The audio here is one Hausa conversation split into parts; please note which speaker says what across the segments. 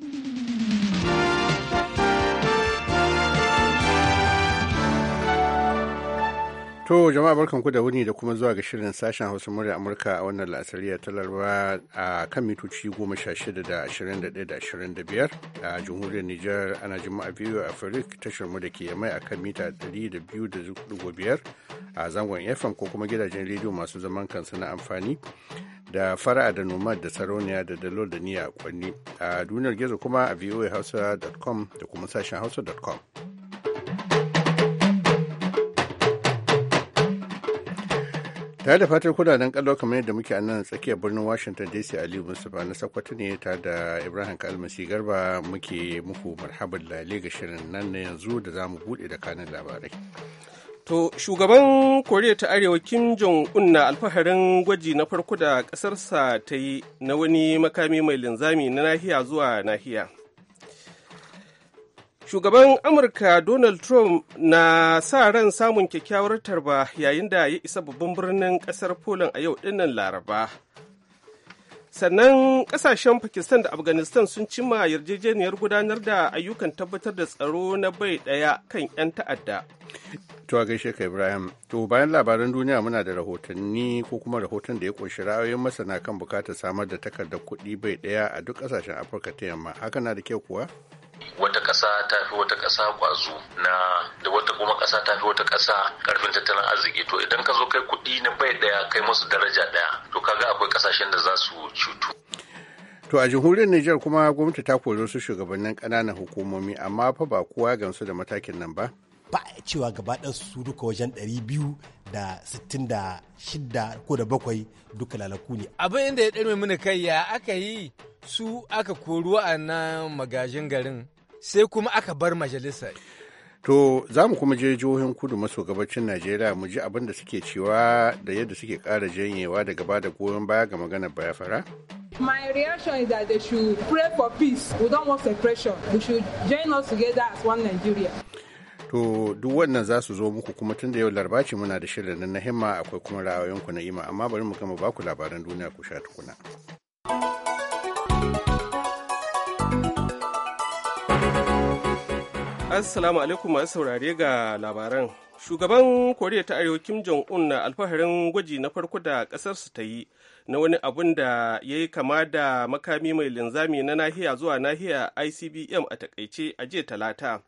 Speaker 1: you To jama'a barkanku da wuni da kuma zuwa ga shirin sashen Hausa murya Amurka a wannan lasariya ta larba a kan mitoci goma sha shida da ashirin da ɗaya da ashirin da biyar a jamhuriyar Nijar ana jima'a biyu a Afirik tashar mu da ke mai a kan mita ɗari da biyu da dubu biyar a zangon FM ko kuma gidajen rediyo masu zaman kansu na amfani da fara'a da nomad da sarauniya da dalol da niya kwanni a duniyar gizo kuma a voahausa.com da kuma sashen hausa.com. tare da fatar kudaden kallo kamar yadda muke a nan tsakiyar birnin washington dc aliyu mustapha na sakwato ne tare da ibrahim kalmasi garba muke muku marhabar lale ga shirin nan na yanzu da za mu buɗe da kanin labarai to shugaban koriya ta arewa kim jong un na
Speaker 2: alfaharin gwaji na farko da kasarsa ta yi na wani makami mai linzami na nahiya zuwa nahiya Shugaban Amurka Donald Trump na sa ran samun kyakkyawar tarba yayin da ya isa babban birnin ƙasar Poland a yau dinnan Laraba. Sannan ƙasashen Pakistan da Afghanistan sun cimma yarjejeniyar gudanar da ayyukan tabbatar da tsaro na bai ɗaya kan 'yan ta'adda.
Speaker 1: To a gaishe ka Ibrahim, to bayan labaran duniya muna da rahotanni ko kuma rahoton da ya ƙunshi ra'ayoyin masana kan bukatar samar da takardar kuɗi bai ɗaya a duk kasashen Afirka ta yamma. Haka na da kyau kuwa? wata ƙasa ta fi wata ƙasa ƙwazo na da wata kuma ƙasa ta fi wata ƙasa ƙarfin tattalin arziki to idan ka zo kai kuɗi na bai ɗaya kai musu daraja ɗaya to kaga akwai ƙasashen da za su cutu. To a jamhuriyar Nijar kuma gwamnati ta kori wasu shugabannin ƙananan hukumomi amma fa ba kowa gamsu da matakin nan ba.
Speaker 3: Ba a cewa gaba su duka wajen ɗari biyu da sittin da 66 ko da bakwai duka lalaku ne. Abin inda ya ɗarme mini kai ya aka yi su aka koru a na magajin garin sai kuma aka bar majalisa.
Speaker 1: To za mu kuma je jihohin kudu maso gabacin Najeriya mu ji abin da suke cewa da yadda suke ƙara janyewa da gaba da goyon baya ga maganar bayafara.
Speaker 4: My reaction is that they should pray for peace. We don't want separation. We should join us together as one Nigeria.
Speaker 1: to duk wannan za su zo muku kuma tun da yau larbaci muna da shirin na himma akwai kuma ra'ayoyinku na ima amma bari mu gama baku labaran duniya ku sha tukuna.
Speaker 2: Assalamu alaikum masu saurare ga labaran. Shugaban Koriya ta Arewa Kim Jong-un na alfaharin gwaji na farko da ƙasarsu ta yi na wani abun da ya yi kama da makami mai linzami na nahiya zuwa nahiya ICBM a takaice a jiya talata.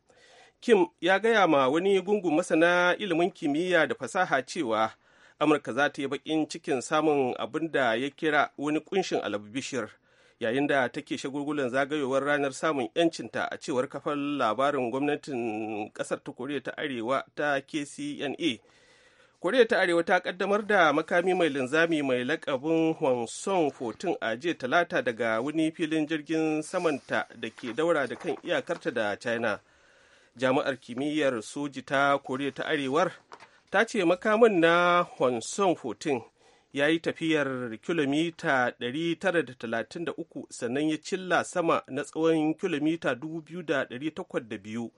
Speaker 2: Kim ya gaya ma wani gungun masana ilimin kimiyya da fasaha cewa Amurka za ta yi bakin cikin samun abin da ya kira wani kunshin bishiyar yayin da take shagulgulan zagayowar ranar samun yancinta a cewar kafar labarin gwamnatin kasar ta Koriya ta Arewa ta KCNA. Koriya ta Arewa ta kaddamar da makami mai linzami mai lakabin Hwasong 14 a jiya talata daga wani filin jirgin samanta da ke daura da kan iyakarta da China. jami'ar kimiyyar soji ta koriya ta arewar ta ce makamin na honson 14 ya yi tafiyar kilomita 933 sannan ya cilla sama na tsawon kilomita 2,802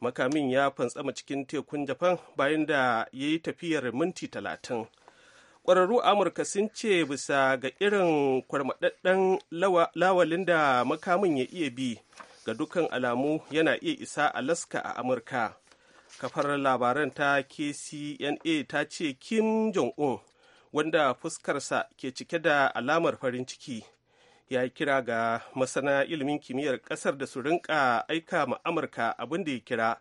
Speaker 2: makamin ya fantsama cikin tekun japan bayan da ya yi tafiyar minti 30 ƙwararru amurka sun ce bisa ga irin kwarmadadden lawalin da makamin ya iya bi ga dukkan alamu yana iya isa alaska a amurka kafar labaran ta kcna ta ce kim jong-un wanda fuskarsa ke cike da alamar farin ciki ya kira ga masana ilimin kimiyyar kasar da su rinka aika ma amurka abin da ya kira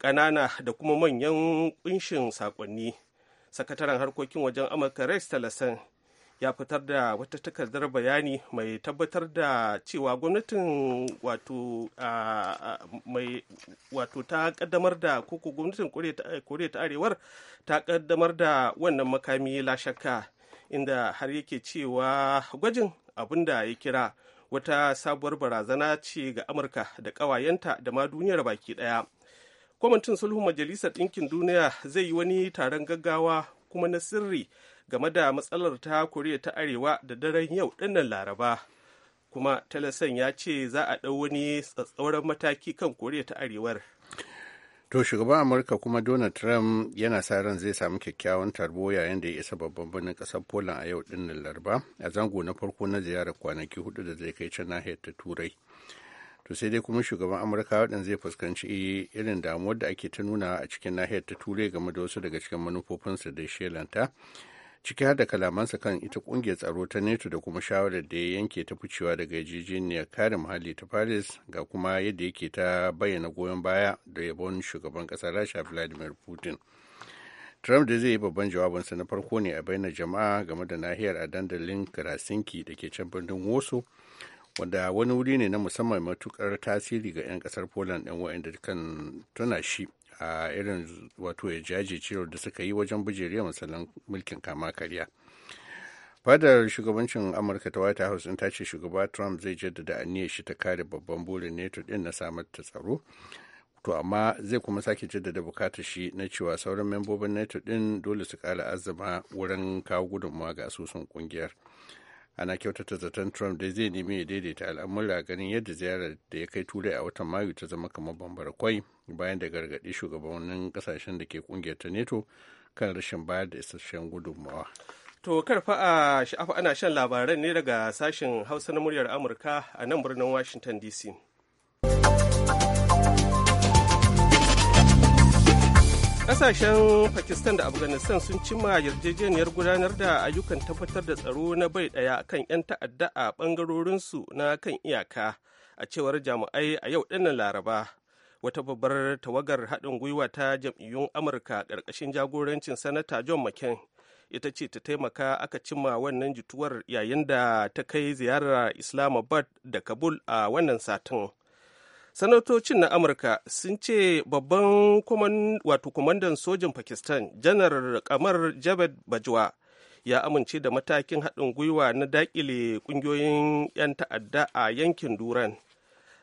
Speaker 2: ƙanana da kuma manyan ƙunshin sakonni sakataren harkokin wajen amurka rex tillerson ya fitar da wata takardar bayani mai tabbatar da cewa gwamnatin wato mai wato ta kaddamar da koko gwamnatin koriya ta arewar ta kaddamar da wannan makami la shakka inda har yake cewa gwajin abin da ya kira wata sabuwar barazana ce ga amurka da ƙawayenta da ma duniyar baki ɗaya kwamitin sulhu majalisar ɗinkin duniya zai yi wani taron gaggawa kuma na sirri game da matsalar ta koriya ta arewa da daren yau dinnan laraba kuma talasan ya ce za a ɗau wani tsatsauran mataki kan koriya ta arewar
Speaker 1: to shugaban amurka kuma donald trump yana sa ran zai samu kyakkyawan tarbo yayin da ya isa babban birnin kasar poland a yau dinnan laraba a zango na farko na ziyarar kwanaki hudu da zai kai can nahiyar ta turai to sai dai kuma shugaban amurka waɗanda zai fuskanci irin damuwar da ake ta nuna a cikin nahiyar ta turai game da wasu daga cikin manufofinsa da shelanta ciki har da kalamansa kan ita kungiyar tsaro ta neto da kuma shawarar da ya yanke ta ficewa daga yarjejeniyar kare muhalli ta paris ga kuma yadda yake ta bayyana goyon baya da yabon shugaban ƙasar rasha vladimir putin Trump da zai yi babban jawabinsa na farko ne a bainar jama'a game da nahiyar a dandalin Karasinki da ke can birnin Woso, wanda wani wuri ne na musamman matukar tasiri ga 'yan kasar Poland ɗin waɗanda kan tuna shi a irin wato ya ciro da suka yi wajen bijirewa misalan mulkin kama karya fadar shugabancin amurka ta white house ta ce shugaba trump zai jaddada aniyar shi ta kare babban burin neto din na samar ta tsaro to amma zai kuma sake jaddada bukatar shi na cewa sauran membobin neto din dole su kara azama wurin kawo gudunmawa ga asusun kungiyar ana kyautata zaton trump dai zai nemi ya daidaita al'amura ganin yadda ziyarar da ya kai turai a watan mayu ta zama kamar bambara kwai bayan da gargaɗi shugabannin kasashen da ke kungiyar ta neto kan rashin bayar da isasshen gudunmawa to
Speaker 2: karfa a sha'afa ana shan labaran ne daga sashen hausa na muryar amurka a nan birnin washington dc Kasashen Pakistan da Afghanistan sun cimma yarjejeniyar gudanar da ayyukan tabbatar da tsaro na bai ɗaya kan 'yan ta'adda a ɓangarorinsu na kan iyaka a cewar jami'ai a yau ɗinnan Laraba. Wata babbar tawagar haɗin gwiwa ta jam'iyyun Amurka ƙarƙashin jagorancin Sanata John McCain ita ce ta taimaka aka cimma wannan jituwar yayin da ta kai ziyarar Islamabad da Kabul a wannan satin. sanatocin na amurka sun ce babban kwamandan sojin pakistan janar kamar jabed bajwa ya amince da matakin haɗin gwiwa na daƙile ƙungiyoyin 'yan ta'adda a yankin duran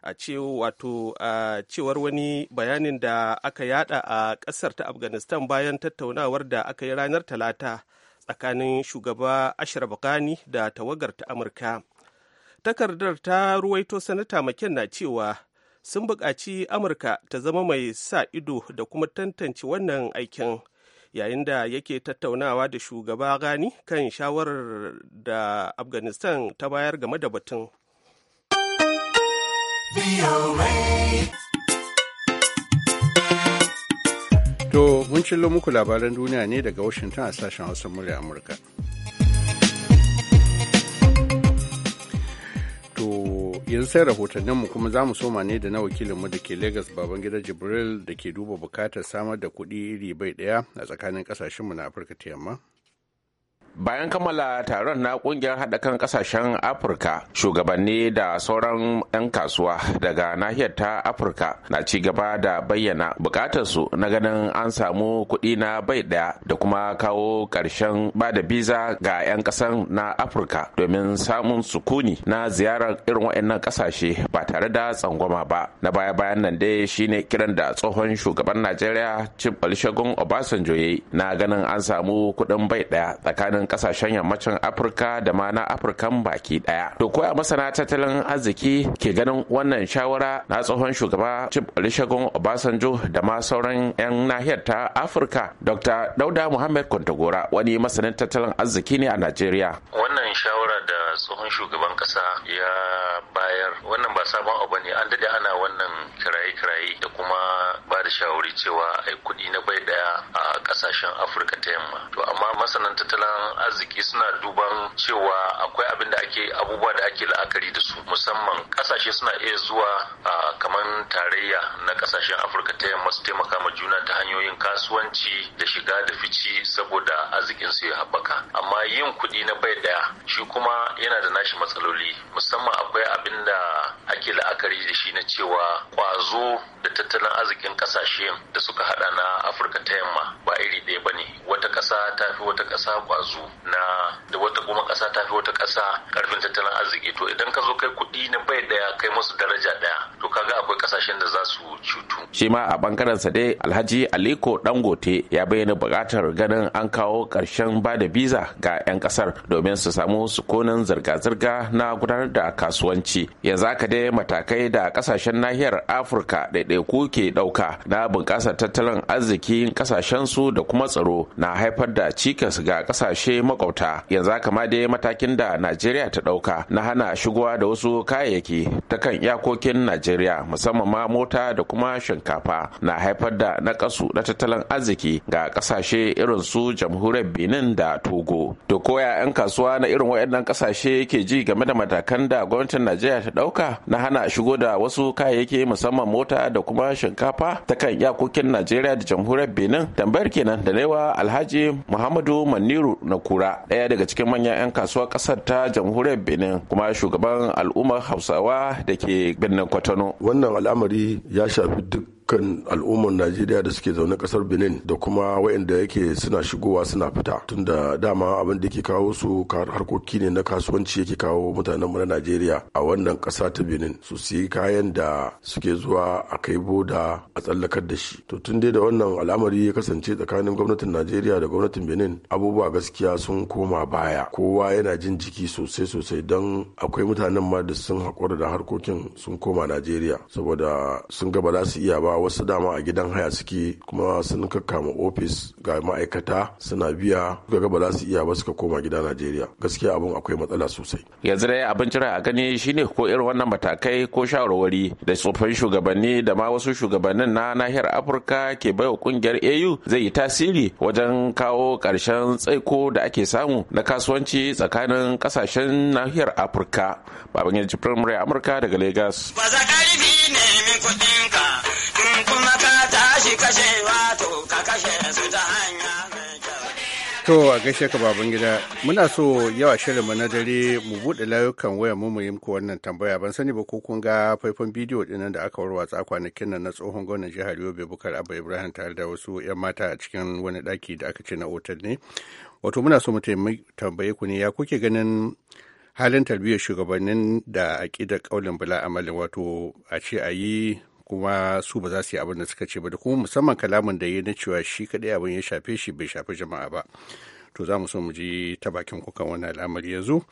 Speaker 2: a cewar wani bayanin da aka yada a ƙasar ta afghanistan bayan tattaunawar da aka yi ranar talata tsakanin shugaba ashraf ghani da tawagar ta amurka takardar ta ruwaito sanata maken na cewa sun buƙaci amurka ta zama mai sa ido da kuma tantance wannan aikin yayin da yake tattaunawa da shugaba gani kan shawarar da afghanistan ta bayar game da batun
Speaker 1: to mun cillo muku labaran duniya ne daga washington a sashen hausa murya amurka yanzu sai rahotanninmu kuma za mu soma ne da na wakilinmu da ke baban gida Jibril da ke duba bukatar samar da kuɗi iri bai ɗaya a tsakanin ƙasashenmu na Afirka ta Yamma.
Speaker 5: bayan kammala taron na kungiyar haɗakan kan ƙasashen afirka shugabanni da sauran 'yan kasuwa daga nahiyar ta afirka na ci gaba da bayyana su na ganin an samu kuɗi na bai ɗaya da kuma kawo ƙarshen ba da biza ga 'yan ƙasan na afirka domin samun sukuni na ziyarar irin waɗannan ƙasashe ba tare da tsangwama ba na baya bayan nan dai shine kiran da tsohon shugaban najeriya cin olusegun obasanjo na ganin an samu kuɗin bai ɗaya tsakanin sauran kasashen yammacin afirka da ma na afirkan baki daya to koya masana tattalin arziki ke ganin wannan shawara na tsohon shugaba chip olusegun obasanjo da ma sauran 'yan nahiyar ta afirka dr dauda muhammad kwantagora wani masanin tattalin arziki ne a najeriya
Speaker 6: wannan shawara da tsohon shugaban kasa ya bayar wannan ba sabon abu ne an dade ana wannan kiraye-kiraye da kuma ba da shawari cewa yi kuɗi na bai daya a kasashen afirka ta yamma to amma masanan tattalin arziki suna duban cewa akwai abin da ake abubuwa da ake la'akari da su musamman kasashe suna iya zuwa a kamar tarayya na kasashen afirka ta yamma su taimaka ma juna ta hanyoyin kasuwanci da shiga da fice saboda arzikin su ya haɓaka amma yin kuɗi na bai daya shi kuma yana da nashi matsaloli musamman akwai abin da ake la'akari da shi na cewa kwazo da tattalin arzikin kasashe da suka hada na afirka ta yamma ba iri ɗaya ba ne wata ta fi wata ƙasa ƙwazo na da wata kuma ƙasa ta fi wata ƙasa ƙarfin tattalin arziki to idan ka zo kai kuɗi na bai ɗaya kai musu daraja daya to kaga akwai ƙasashen da za su
Speaker 5: cutu. Shi ma a ɓangaren sa dai Alhaji Aliko Dangote ya bayyana buƙatar ganin an kawo ƙarshen ba da biza ga 'yan ƙasar domin su samu sukunin zirga-zirga na gudanar da kasuwanci. Yanzu haka dai matakai da ƙasashen nahiyar Afirka ɗaiɗaiku ke ɗauka na bunƙasa tattalin arzikin ƙasashen su da kuma tsaro na haifar da cikas ga kasashe makwabta yanzu haka ma dai matakin da najeriya ta dauka na hana shigowa da wasu kayayyaki ta kan iyakokin najeriya musamman ma mota da kuma shinkafa na haifar da nakasu na tattalin arziki ga kasashe irin su jamhuriyar benin da togo to koya 'yan kasuwa na irin waɗannan kasashe ke ji game da matakan da gwamnatin najeriya ta dauka na hana shigo da wasu kayayyaki musamman mota da kuma shinkafa ta kan iyakokin najeriya da jamhuriyar benin tambayar kenan da alhaji muhammad muhammadu maniru na kura ɗaya daga cikin manyan 'yan kasuwar ƙasar ta jamhuriyar benin kuma shugaban al'ummar hausawa da ke birnin kwatano wannan al'amari ya shafi duk kan al'ummar najeriya da suke zaune kasar benin da kuma wayanda yake suna shigowa suna fita tunda dama abin da yake kawo su harkoki ne na kasuwanci yake kawo mutanen mu na najeriya a wannan kasa ta benin su siyi kayan da suke zuwa a kai boda a tsallakar da shi to tun dai da wannan al'amari ya kasance tsakanin gwamnatin najeriya da gwamnatin benin abubuwa gaskiya sun koma baya kowa yana jin jiki sosai sosai don akwai mutanen ma da sun haƙura da harkokin sun koma najeriya saboda sun gaba za su iya ba wasu dama a gidan haya suke kuma sun kakkama ofis ga ma'aikata suna biya ga ba za su iya ba suka koma gida najeriya gaskiya abin akwai matsala sosai yanzu dai abin jira a gani shine ko irin wannan matakai ko shawarwari da tsofaffin shugabanni da ma wasu shugabannin na nahiyar afirka ke baiwa kungiyar au zai yi tasiri wajen kawo karshen tsaiko da ake samu na kasuwanci tsakanin kasashen nahiyar afirka babangida jibrin murai amurka daga Legas.
Speaker 7: ƙarfi ne min ka. kuma ka tashi kashe wato ka kashe su ta hanya
Speaker 1: To a gaishe ka baban gida muna so yawa shirinmu na dare mu buɗe layukan waya mu yi muku wannan tambaya ban sani ba ko kun ga faifan bidiyo dinan da aka warwatsa kwanakin nan na tsohon gwamnan jihar Yobe Bukar Abba Ibrahim tare da wasu 'yan mata a cikin wani ɗaki da aka ce na otal ne. Wato muna so mu tambaye ku ne ya kuke ganin halin tarbiyyar shugabannin da aƙidar ƙaunin bala amalin wato a ce a yi kuma su ba za su yi abin da suka ce ba da kuma musamman kalamin da ya na cewa shi kaɗai abin ya shafe shi bai shafi jama'a ba to za mu so mu ji ta bakin kuka wannan al'amari yanzu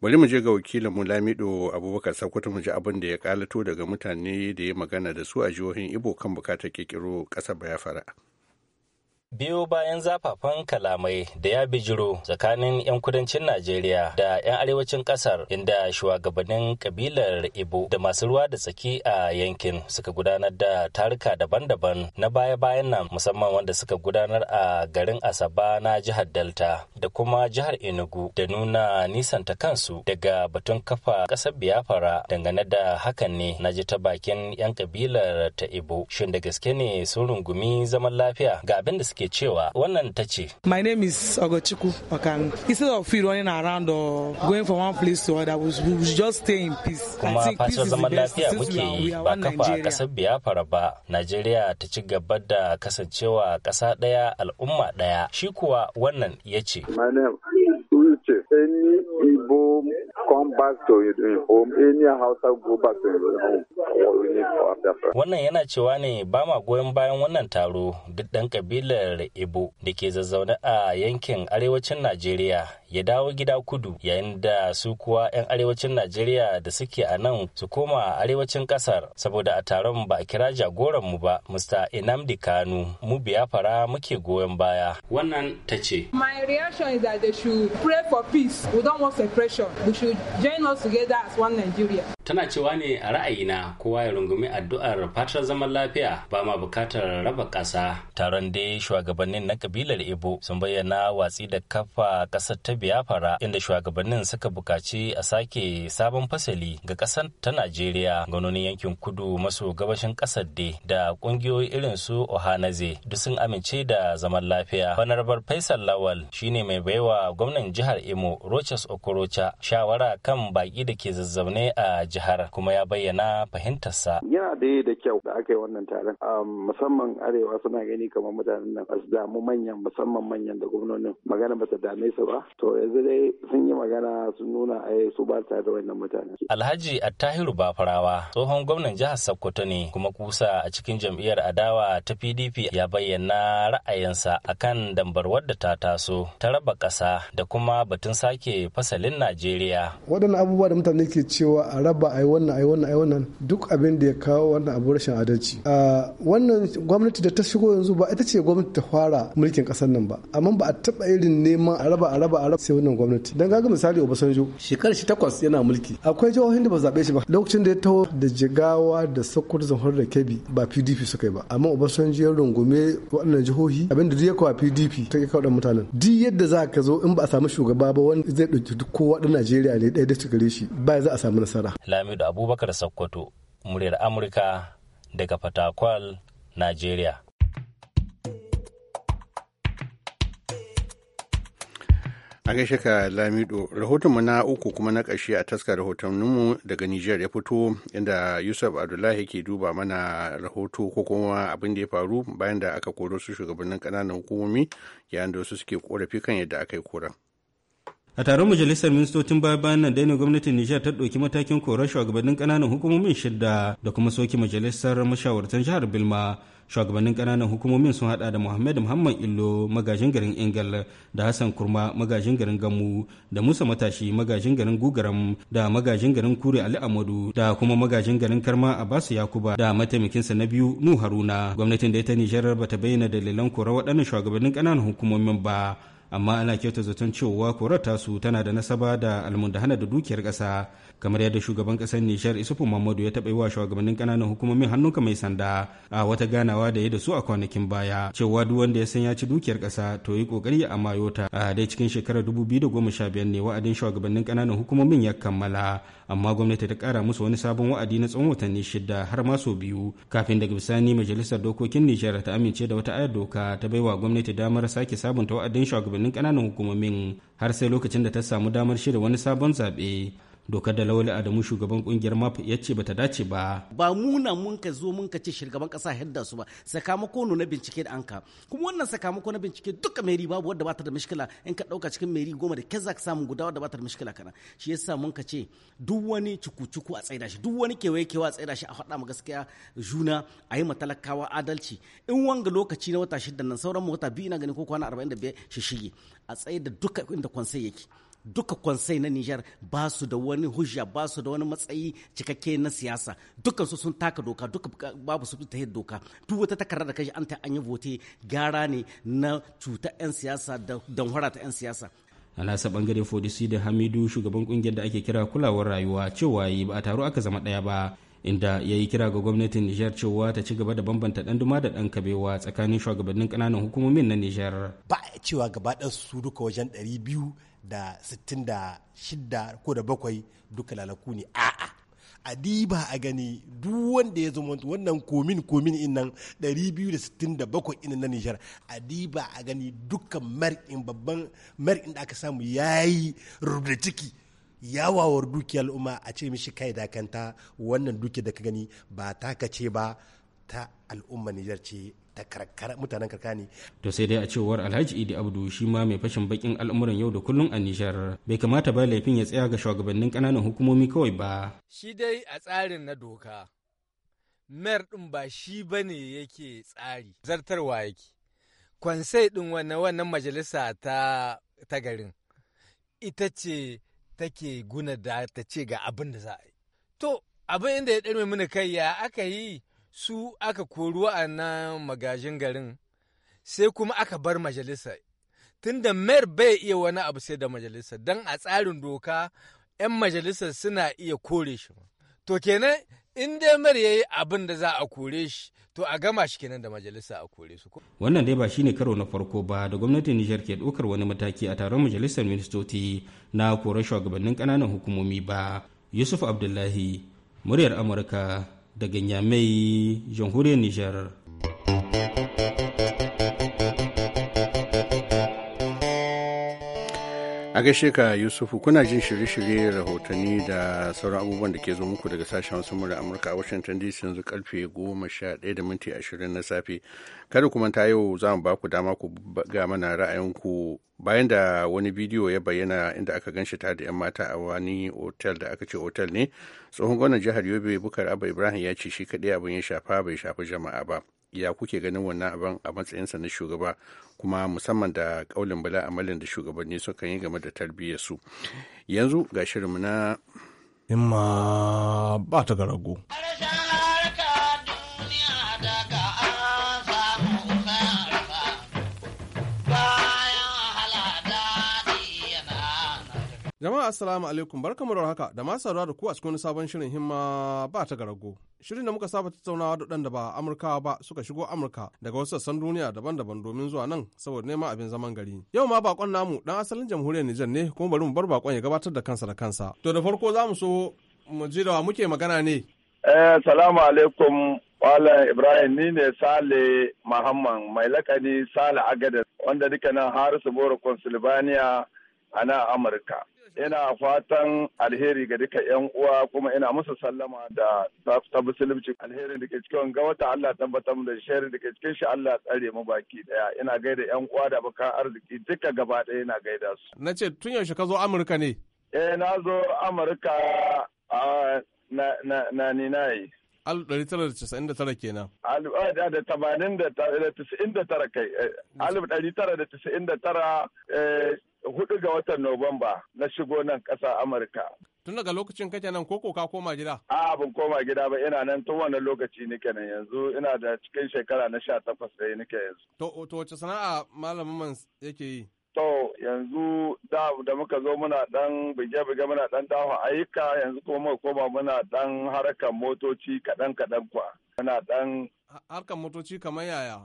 Speaker 1: bari mu je ga wakilin mu lamido abubakar sakkwato mu ji abin da ya kalato daga mutane da ya magana da su a jihohin ibo kan bukatar ƙirƙiro ƙasar bayafara. fara
Speaker 6: biyo bayan zafafan kalamai da ya bijiro tsakanin 'yan kudancin najeriya da 'yan arewacin kasar inda shugabannin kabilar ibo da masu ruwa da tsaki a yankin suka gudanar da taruka daban-daban na baya-bayan nan musamman wanda suka gudanar a garin asaba na jihar delta da kuma jihar enugu da nuna nisanta kansu daga batun kafa kasar biafra dangane da hakan ne na ji ta bakin 'yan kabilar ta ibo shin da gaske ne sun rungumi zaman lafiya ga abin da suke ke cewa wannan ta ce.
Speaker 2: My name is Ogochiku Okan. Instead of fear running around or going from one place to other, we should just stay in peace. Kuma fasar zaman lafiya
Speaker 6: muke yi ba kafa kasar Biafra ba. Najeriya ta ci gaba da kasancewa ƙasa ɗaya al'umma ɗaya. Shi kuwa wannan ya ce. My name
Speaker 7: Uche, any Igbo come back to his home, any Hausa go back to his home.
Speaker 6: Wannan yana cewa ne ba ma goyon bayan wannan taro duk ɗan kabilar Igbo da ke zazzaune a yankin arewacin Najeriya ya dawo gida kudu yayin da su kuwa 'yan arewacin najeriya da suke a nan su koma arewacin kasar saboda a taron ba a kira jagoran mu ba mr inamdi kanu mu fara muke goyon baya wannan ta ce
Speaker 4: my reaction is that they should pray for peace we don't want separation we should join us together as one nigeria
Speaker 6: tana cewa ne a ra'ayina kowa ya rungumi addu'ar fatar zaman lafiya ba ma bukatar raba ƙasa taron dai shugabannin na kabilar ibo sun bayyana watsi da kafa ƙasar ta biyafara inda shugabannin suka buƙaci a sake sabon fasali ga ƙasar ta najeriya ganonin yankin kudu maso gabashin ƙasar de da ƙungiyoyi irin su ohanaze duk sun amince da zaman lafiya Banarbar faisal lawal shine mai baiwa gwamnan jihar imo rochas okorocha shawara kan baƙi da ke zazzaune a jihar kuma ya bayyana fahimtarsa.
Speaker 7: Yana da da kyau da aka yi wannan taron. Musamman Arewa suna gani kamar mutanen nan a damu manyan musamman manyan da gwamnonin magana ba ta dame su ba. To yanzu dai sun yi magana sun nuna a eh, su ba ta da wannan mutane.
Speaker 6: Alhaji Attahiru Bafarawa tsohon gwamnan jihar Sokoto ne kuma kusa a cikin jam'iyyar adawa ta PDP ya bayyana ra'ayinsa akan dambarwar da ta taso ta raba ƙasa da kuma batun sake fasalin Najeriya. Waɗannan abubuwa da mutane ke cewa a raba abba ai wannan ai wannan ai wannan duk abin da ya kawo wannan abu rashin adalci a wannan gwamnati da ta shigo yanzu ba ita ce
Speaker 8: gwamnati ta fara mulkin kasar nan ba amma ba a taba irin neman a raba a raba a raba sai wannan gwamnati dan kaga misali Obasanjo
Speaker 3: shekarar shi takwas yana mulki
Speaker 8: akwai jihohin da ba zabe shi ba lokacin da ya taho da jigawa da sokoto zahar da kebbi ba PDP suka yi ba amma Obasanjo ya rungume waɗannan
Speaker 6: jihohi abin da ya kawo PDP ta kawo mutanen duk yadda za ka zo in ba a samu shugaba ba wanda zai ɗauki duk kowa da Najeriya ne ɗaya da gare shi ba za a samu nasara Lamido Abubakar Sokoto, muryar Amurka daga Fatakwal, Najeriya.
Speaker 1: an gaishe ka lamido rahotonmu na uku kuma na ƙarshe a taskar rahotanninmu daga nijar ya fito inda yusuf abdullahi ke duba mana rahoto ko kuma abin da ya faru bayan da aka koro su shugabannin ƙananan hukumomi yayin da wasu suke korafi kan yadda aka yi koran
Speaker 3: a taron majalisar ministocin baya bayan nan daina gwamnatin nijar ta ɗauki matakin korar shugabannin ƙananan hukumomin shidda da kuma soke majalisar mashawartan jihar bilma shugabannin ƙananan hukumomin sun haɗa da muhammad muhammad illo magajin garin ingal da hassan kurma magajin garin gamu da musa matashi magajin garin gugaram da magajin garin kure ali amadu da kuma magajin garin karma abasu yakuba da mataimakinsa na biyu nu haruna gwamnatin da ita nijar ba ta bayyana dalilan korar waɗannan shugabannin ƙananan hukumomin ba amma ana kyauta zaton cewa korar tasu tana da nasaba da almundahana da dukiyar ƙasa kamar yadda shugaban ƙasar nishar isufu mamadu ya taɓa yi wa shugabannin ƙananan hukumomin hannunka mai sanda a wata ganawa da ya da su a kwanakin baya cewa duk wanda ya san ya ci dukiyar ƙasa to yi ƙoƙari a mayota ta a dai cikin shekarar 2015 ne wa'adin shugabannin ƙananan hukumomin ya kammala amma gwamnati ta kara musu wani sabon wa'adi na tsawon watanni shida har ma sau biyu kafin daga bisani majalisar dokokin nijar ta amince da wata ayar doka ta baiwa gwamnati damar sake sabunta wa'adin shugabannin kananan hukumomin har sai lokacin da ta samu damar shirya wani sabon zaɓe dokar da lawali adamu shugaban kungiyar map ya ce bata dace ba
Speaker 8: ba muna mun ka zo mun ka ce shugaban kasa yadda su ba sakamako no na bincike da anka kuma wannan sakamako na bincike duka meri babu wadda bata da mishkila in ka dauka cikin meri goma da kaza ka samu guda wadda bata da mishkila kana shi yasa mun ka ce duk wani cuku-cuku a tsaida shi duk wani kewaye kewa a tsaida shi a faɗa ma gaskiya juna a yi matalakawa adalci in wanga lokaci na wata shida nan sauran wata biyu na gani ko kwana arba'in da biyar shi shige a tsaida duka inda kwansai yake duka kwansai na Nijar ba su da wani hujja ba su da wani matsayi cikakke na siyasa dukkan su sun taka doka duka babu su ta doka duk wata takarda da kashi an ta an yi vote gara ne na cuta 'yan siyasa da damfara ta 'yan siyasa
Speaker 3: a nasa bangare fodisi da hamidu shugaban kungiyar da ake kira kulawar rayuwa cewa yi ba a taro aka zama daya ba inda ya yi kira ga gwamnatin nijar cewa ta ci gaba da bambanta dan duma da dan kabewa tsakanin shugabannin kananan hukumomin na nijar ba a cewa gaba su duka wajen biyu. da 66 ko da bakwai duka lalaku ne a'a a diba a gani duk wanda ya zama wannan komin komin in nan 267 in na Nijar a diba a gani duka mar'in babban mar'in da aka samu ya yi rubda ciki ya wawar dukiyar al'umma a ce mishi kai dakanta wannan duki da ka gani ba taka ce ba ta al'umma Nijar ce ta karkara mutanen karkara ne. To sai dai a cewar Alhaji Idi Abdu shi ma mai fashin bakin al'amuran yau da kullum a Nijar bai kamata ba laifin ya tsaya ga shugabannin ƙananan hukumomi kawai ba. Shi dai a tsarin na doka mer ɗin ba shi ba ne yake tsari zartarwa yake. Kwansai ɗin wannan wannan majalisa ta ta garin ita ce take guna da ta ce ga abin da za a yi. To abin inda ya ɗarme mini kai ya aka yi su aka a wa'annan magajin garin sai kuma aka bar majalisa tunda mayar bai iya wani abu sai da majalisa don a tsarin doka 'yan majalisa suna iya kore shi to kenan in dai mayar ya yi abin da za a kore shi to a gama shi kenan da majalisa a kore su wannan dai ba shine karo na farko ba da gwamnatin nijar ke ɗaukar wani mataki a taron majalisar ministoci na kore shugabannin ƙananan hukumomi ba yusuf abdullahi muryar amurka daga Nyamai, jamhuriyar Nijar.
Speaker 1: a gaishe ka yusufu kuna jin shirye-shirye rahotanni da sauran abubuwan da ke zo muku daga sashen wasu murar amurka a washington dc yanzu karfe 11 da minti 20 na safe kada kuma ta yau za mu ba dama ku ga mana ra'ayinku bayan da wani bidiyo ya bayyana inda aka ganshi ta da 'yan mata a wani otel da aka ce otel ne tsohon gwamnan jihar yobe bukar abu ibrahim ya ce shi kaɗai abin ya shafa bai shafi jama'a ba ya kuke ganin wannan abin a matsayinsa na shugaba kuma musamman da kaulin bala amalin da shugabanni sukan yi game da tarbiyyar su yanzu ga shirinmu na himma ba ta ga rago.
Speaker 4: Jama'a assalamu alaikum barkamu da haka da masu saurara da ku a cikin sabon shirin himma ba ta garago. Shirin da muka saba tattaunawa da waɗanda ba Amurkawa ba suka shigo Amurka daga wasu sassan duniya daban-daban domin zuwa nan saboda neman abin zaman gari. Yau ma bakon namu dan asalin jamhuriyar Nijar ne kuma bari mu bar bakon ya gabatar da kansa da kansa.
Speaker 7: To da farko za mu so mu ji da muke magana ne. Eh salamu alaikum Wala Ibrahim ni ne Sale Muhammad mai lakani Sale Agadez wanda duka nan Harisu Boro Pennsylvania a nan Amurka. ina fatan alheri ga duka yan uwa kuma ina musu sallama da ta musulunci alherin da ke cikin ga wata Allah tabbatar da sharri da ke cikin shi Allah tsare mu baki daya ina gaida yan uwa da abokan arziki duka gaba daya ina gaida su
Speaker 4: nace tun yaushe ka zo Amurka ne
Speaker 7: eh na zo Amurka ah, a na na ni
Speaker 4: 1999 kenan.
Speaker 7: da tara hudu ga watan Nuwamba na shigo nan ƙasa Amurka. Tun daga lokacin kake nan koko ka koma gida? A ban koma gida ba ina nan tun wannan lokaci nake nan yanzu ina da cikin shekara na sha takwas da nake yanzu. To wace sana'a malamin yake yi? To yanzu da muka zo muna dan bige-bige muna dan dawa ayyuka yanzu kuma muka koma muna dan harkan motoci kaɗan-kaɗan kwa. Muna dan
Speaker 4: harkan motoci kamar yaya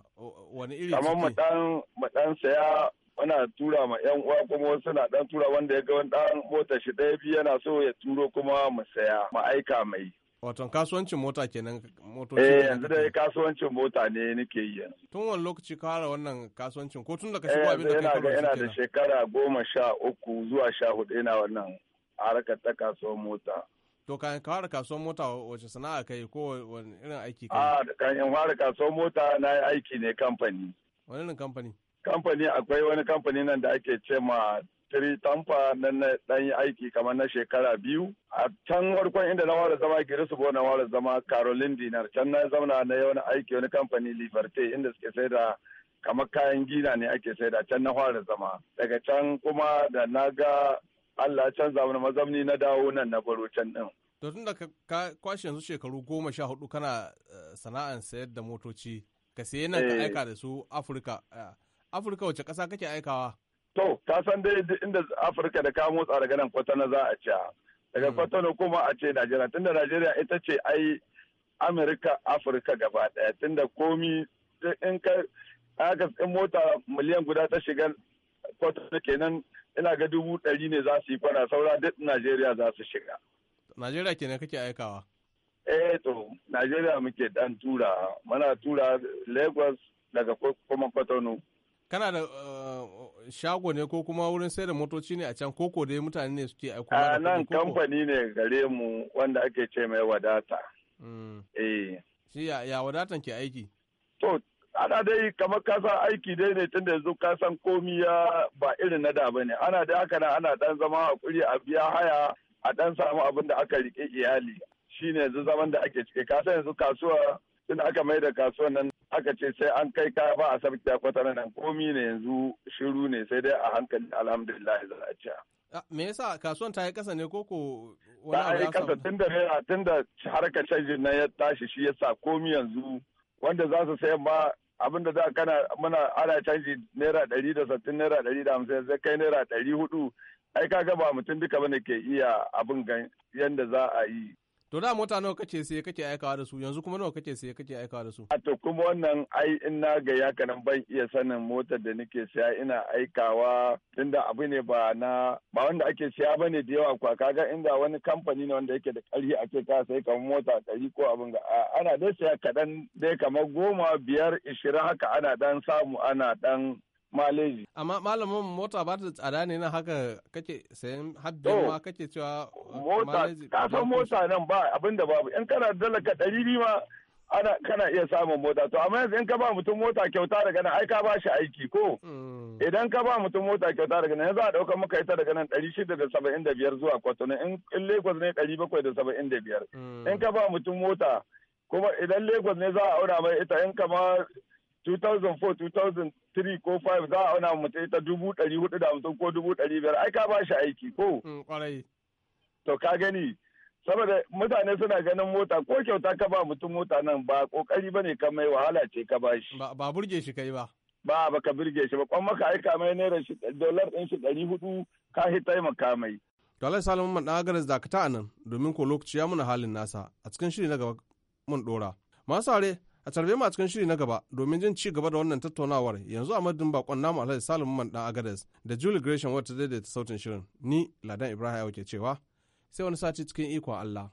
Speaker 4: wani iri kamar mu dan
Speaker 7: mu dan saya muna tura ma yan uwa kuma wasu na dan tura wanda ya ga wani dan mota shi ɗaya biyu yana so ya turo kuma mu saya mu aika mai
Speaker 4: Waton kasuwancin mota
Speaker 7: kenan motoci. Eh yanzu dai kasuwancin mota ne nake yi yanzu. Tun wani lokaci ka fara wannan
Speaker 4: kasuwancin ko tun da ka eh, shigo abin da kai karo Ina da
Speaker 7: shekara goma sha uku zuwa sha hudu ina wannan harkar ta kasuwar mota.
Speaker 4: To kan ka fara kasuwar mota wace sana'a kai ko wani irin aiki kai? Ah kan in fara kasuwar
Speaker 7: mota na yi aiki ne kamfani. Wani irin kamfani? Kamfani akwai wani kamfani nan da ake ce ma tiri tampa na dan yi aiki kamar na shekara biyu a can farkon inda na wara zama Girisbo na wara zama carolyn Dinar can na zauna na wani aiki wani kamfani Liberté inda suke sai da kamar kayan gina ne ake sai da can na fara zama daga can kuma da na ga Allah can mana mazamni na dawo nan na baro can din
Speaker 4: to tun da ka kwashe yanzu shekaru goma sha hudu kana eh, sana'an sayar da motoci ka sayi nan ka eh. aika da su Afirka eh, Afirka wace kasa kake aikawa
Speaker 7: To, ka san dai inda Afirka da ka motsa daga nan kwatana za a ce. Daga hmm. kwatana kuma a ce Najeriya. Tunda Najeriya ita ce ai Amerika Afirka gaba ɗaya. Tunda komi in ka aka in mota miliyan guda ta shiga kwatana kenan ina ga dubu ɗari ne za su yi fara saura duk Najeriya za su shiga.
Speaker 4: Najeriya kenan kake aikawa?
Speaker 7: Eh to, Najeriya muke dan tura. Muna tura Lagos daga kuma kwatano.
Speaker 4: kana da uh, shago ne ko kuma wurin sai da motoci ne a can koko dai mutane
Speaker 7: ne suke aiko a nan kamfani ne gare mu wanda ake ce mai wadata mm.
Speaker 4: eh shi ya wadatan ke aiki
Speaker 7: to ana dai kamar kasan aiki dai ne tunda yanzu kasan komi ya ba irin na da bane ana dai haka nan ana dan zama a kuri a biya haya a dan samu abin da aka rike iyali shine yanzu zaman da ake cike kasan yanzu kasuwa tun aka mai da kasuwan nan aka ce sai an kai kaya ba a sabita kwatana nan komi ne yanzu shiru ne sai dai a hankali alhamdulillah za a ce.
Speaker 4: Ah, me yasa kasuwan ta yi kasa ne ko ko wani abu ya kasa tun
Speaker 7: da naira tun da harkar canjin na ya tashi shi yasa komi yanzu wanda za su sayan ma abin da za kana muna ana canji naira ɗari da sattin naira ɗari da hamsin sai kai naira ɗari hudu ai kaga ba mutum duka bane ke iya abin gan yanda za a yi
Speaker 4: To da mota nawa kace sai kake aikawa da su yanzu kuma nawa kace sai kake aikawa da su?
Speaker 7: A to kuma wannan ai in na ga ya kanan ban iya sanin motar da nake siya ina aikawa tunda abu ne ba na ba wanda ake siya bane da yawa kwa kaga inda wani kamfani ne wanda yake da ƙarfi a ce ka sai kamar mota ɗari ko abin ga ana dai siya kaɗan dai kamar goma biyar ishirin haka ana dan samu ana dan maleji.
Speaker 4: Amma malamin mota ba ta tsada ne na haka kake sayan
Speaker 7: habbin ma kake cewa ah, mota ka san mota nan ba abinda babu in kana dalaka ɗari biyu ma ana kana iya samun mota to amma yanzu in ka ba mutum mota kyauta daga nan ai ka ba shi aiki ko hmm. idan ka ba mutum mota kyauta daga nan yanzu a dauka maka ita daga nan ɗari shida da saba'in da biyar zuwa kwatano in lagos ne ɗari bakwai da saba'in da biyar hmm. in ka ba mutum mota kuma idan lagos ne za a aura mai ita in kama 2004 2000 3 ko 5 za a auna mutum ta dubu ɗari hudu da hamsin ko dubu ɗari biyar ai ka ba shi aiki ko. Mm, to ka gani saboda mutane suna ganin mota ko kyauta ka ba mutum mota nan ba kokari bane ka mai wahala ce ka ba shi.
Speaker 4: Ba burge shi kai ba.
Speaker 7: Ba ba ka burge shi ba kwan maka ai ka mai naira shi dolar ɗin shi ɗari hudu ka hi taimaka mai.
Speaker 4: To Allah Salamu man ɗagarar zakata a nan domin ko lokaci ya muna halin nasa a cikin shiri na gaba mun ɗora. Masu a tarbe mu a cikin shiri na gaba domin jin ci gaba da wannan tattaunawar yanzu a madadin bakon namu alhaji salim man dan agades da julie gresham wata daidaita sautin shirin ni ladan ibrahim ke cewa sai wani sati cikin ikon allah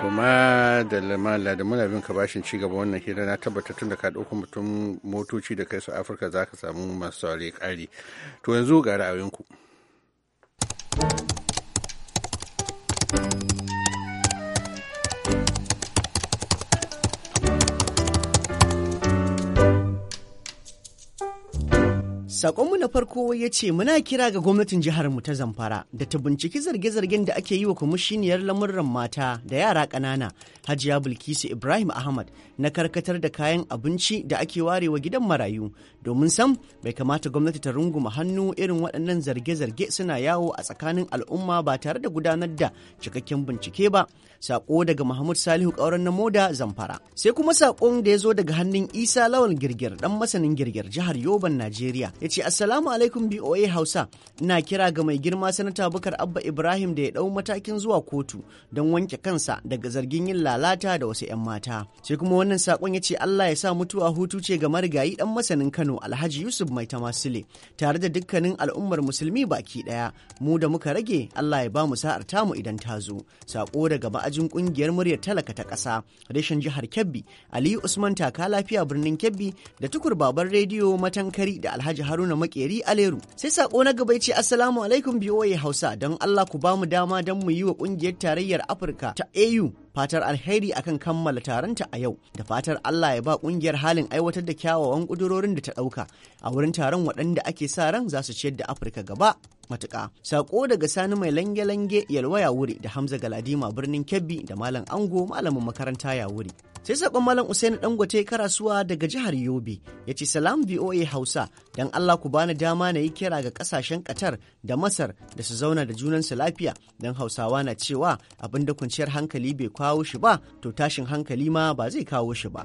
Speaker 1: kuma da lamala da muna bin ka bashin ci gaba wannan hira na tabbata tun da ka ɗauko mutum motoci da kai su afirka za ka samu masu saurari ƙari to yanzu ga ra'ayinku. ku
Speaker 8: Sakonmu na farko ya ce muna kira ga gwamnatin jiharmu ta Zamfara da ta binciki zarge-zargen da ake yi wa kwamishiniyar lamurran mata da yara ƙanana Hajiya Bilkisu Ibrahim Ahmad na karkatar da kayan abinci da ake ware wa gidan marayu domin sam bai kamata gwamnati ta runguma hannu irin waɗannan zarge-zarge suna yawo a tsakanin al'umma ba tare da gudanar da cikakken bincike ba. Sako daga Mahmud Salihu ƙauren na Moda Zamfara. Sai kuma sakon da ya zo daga hannun Isa Lawal Girgir ɗan masanin girgir jihar Yoban Najeriya ya ce assalamu alaikum BOA Hausa ina kira ga mai girma sanata Bukar Abba Ibrahim da ya dau matakin zuwa kotu don wanke kansa daga zargin yin lalata da wasu 'yan mata. Sai kuma wannan sakon ya ce Allah ya sa mutuwa hutu ce ga marigayi dan masanin Kano Alhaji Yusuf Mai Tamasile tare da dukkanin al'ummar musulmi baki daya mu da muka rage Allah ya ba mu sa'ar tamu idan ta zo. Sako daga ma'ajin kungiyar muryar talaka ta kasa reshen jihar Kebbi Aliyu Usman Taka lafiya birnin Kebbi da tukur baban rediyo matankari da Alhaji Haruna Haruna Makeri Aleru. Sai sako na gaba ce Assalamu alaikum BOA Hausa don Allah ku bamu dama don mu yi wa kungiyar tarayyar Afirka ta AU fatar alheri akan kammala taronta a yau da fatar Allah ya ba kungiyar halin aiwatar da kyawawan kudurorin da ta dauka a wurin taron waɗanda ake sa ran za su ciyar da Afirka gaba matuƙa. Sako daga Sani mai lange-lange yalwa ya wuri da Hamza Galadima birnin Kebbi da Malam Ango malamin makaranta ya wuri. sai sakon malam usaini dangote karasuwa daga jihar yobe ya ce salam voa hausa don allah ku bani dama na yi kira ga kasashen qatar da masar da su zauna da junan su lafiya don hausawa na cewa abin da kwanciyar hankali bai kawo shi ba to tashin hankali ma ba zai kawo shi ba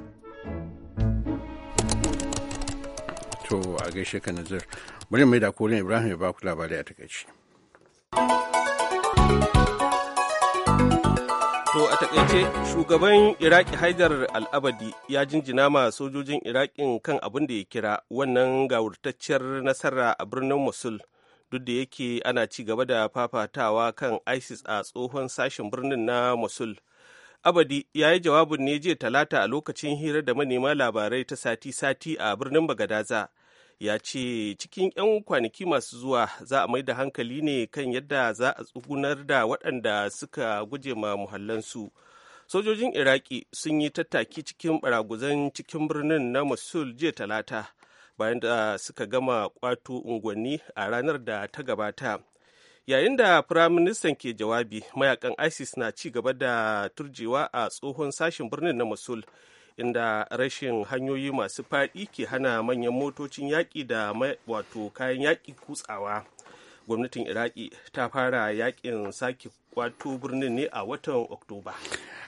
Speaker 1: to a gaishe ka nazar bari mai da kolin ibrahim ya baku labarai a takaici
Speaker 2: To a takaice shugaban Iraki Haidar Al'abadi ya jinjina ma sojojin Irakin kan abin da ya kira wannan gawurtacciyar nasara a birnin Mosul duk da yake ana ci gaba da fafatawa kan ISIS a tsohon sashen birnin na Mosul. Abadi ya yi jawabin ne jiya talata a lokacin hira da manema labarai ta sati-sati a birnin Bagadaza ya ce cikin 'yan kwanaki masu zuwa za a mai da hankali ne kan yadda za a tsugunar da waɗanda suka guje ma muhallansu sojojin iraki sun yi tattaki cikin baraguzan cikin birnin na mosul jiya talata bayan da suka gama kwato unguwanni a ranar da ta gabata yayin da firaministan ke jawabi mayakan isis na ci gaba da turjewa a tsohon sashen birnin na mosul inda rashin hanyoyi masu faɗi ke hana manyan motocin yaƙi da wato kayan yaƙi kutsawa gwamnatin iraki ta fara yaƙin sake kwato birnin ne a watan oktoba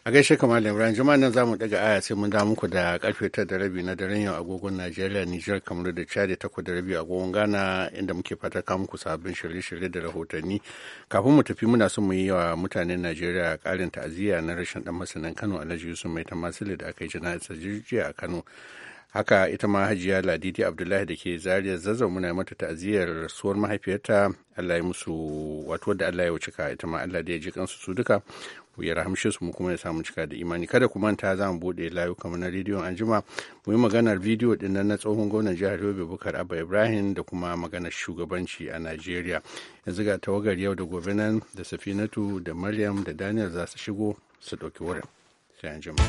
Speaker 1: a gaishe kamar ibrahim jama'a nan zamu daga aya sai mun da muku da karfe ta da rabi na daren yau agogon najeriya nijar kamar da chad ta da rabi agogon ghana inda muke fata ka muku sabbin shirye-shirye da rahotanni kafin mu tafi muna son mu yi wa mutanen najeriya karin ta'aziyya na rashin dan masanin kano alhaji yusuf mai tamasili da aka yi jana'izar jirgi a kano haka ita ma hajiya ladidi abdullahi da ke zariya zazzau muna mata ta'aziyar rasuwar mahaifiyarta allah ya musu wato da allah ya wuce ka ita ma allah da ya ji kansu su duka yi rahamshe su mu kuma ya samu cika da imani kada ku manta za mu buɗe layuka na rediyon anjima mu yi maganar bidiyo ɗin na tsohon gwamnan jihar yobe bukar abba ibrahim da kuma maganar shugabanci a najeriya yanzu ga tawagar yau da gobe nan da safinatu da maryam da daniel za su shigo su ɗauki wurin sai anjima.